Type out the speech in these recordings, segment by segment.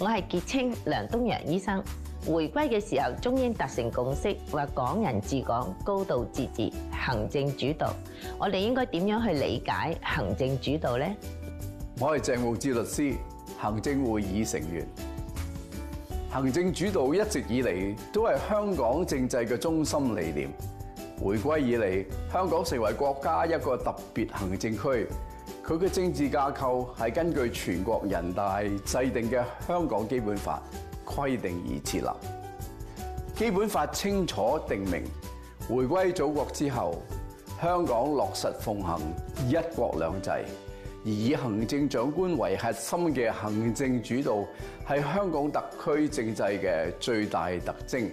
我係傑青梁冬陽醫生，回歸嘅時候中英達成共識，話港人治港、高度自治、行政主導。我哋應該點樣去理解行政主導呢？我係鄭慕智律師，行政會議成員。行政主導一直以嚟都係香港政制嘅中心理念。回歸以來，香港成為國家一個特別行政區，佢嘅政治架構係根據全國人大制定嘅《香港基本法》規定而設立。《基本法》清楚定明，回歸祖國之後，香港落實奉行一國兩制，而以行政長官為核心嘅行政主導，係香港特區政制嘅最大特徵。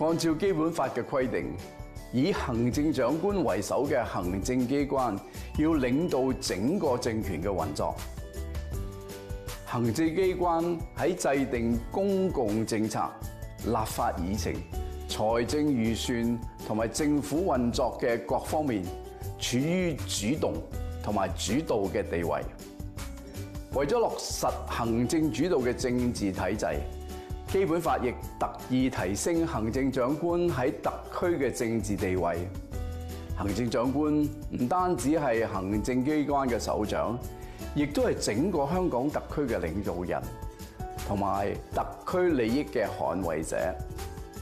按照基本法嘅規定，以行政長官為首嘅行政機關要領導整個政權嘅運作。行政機關喺制定公共政策、立法議程、財政預算同埋政府運作嘅各方面，處於主動同埋主導嘅地位。為咗落實行政主導嘅政治體制。基本法亦特意提升行政長官喺特區嘅政治地位。行政長官唔單止係行政機關嘅首長，亦都係整個香港特區嘅領導人，同埋特區利益嘅捍衛者。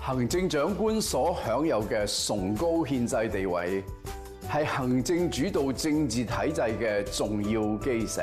行政長官所享有嘅崇高憲制地位，係行政主導政治體制嘅重要基石。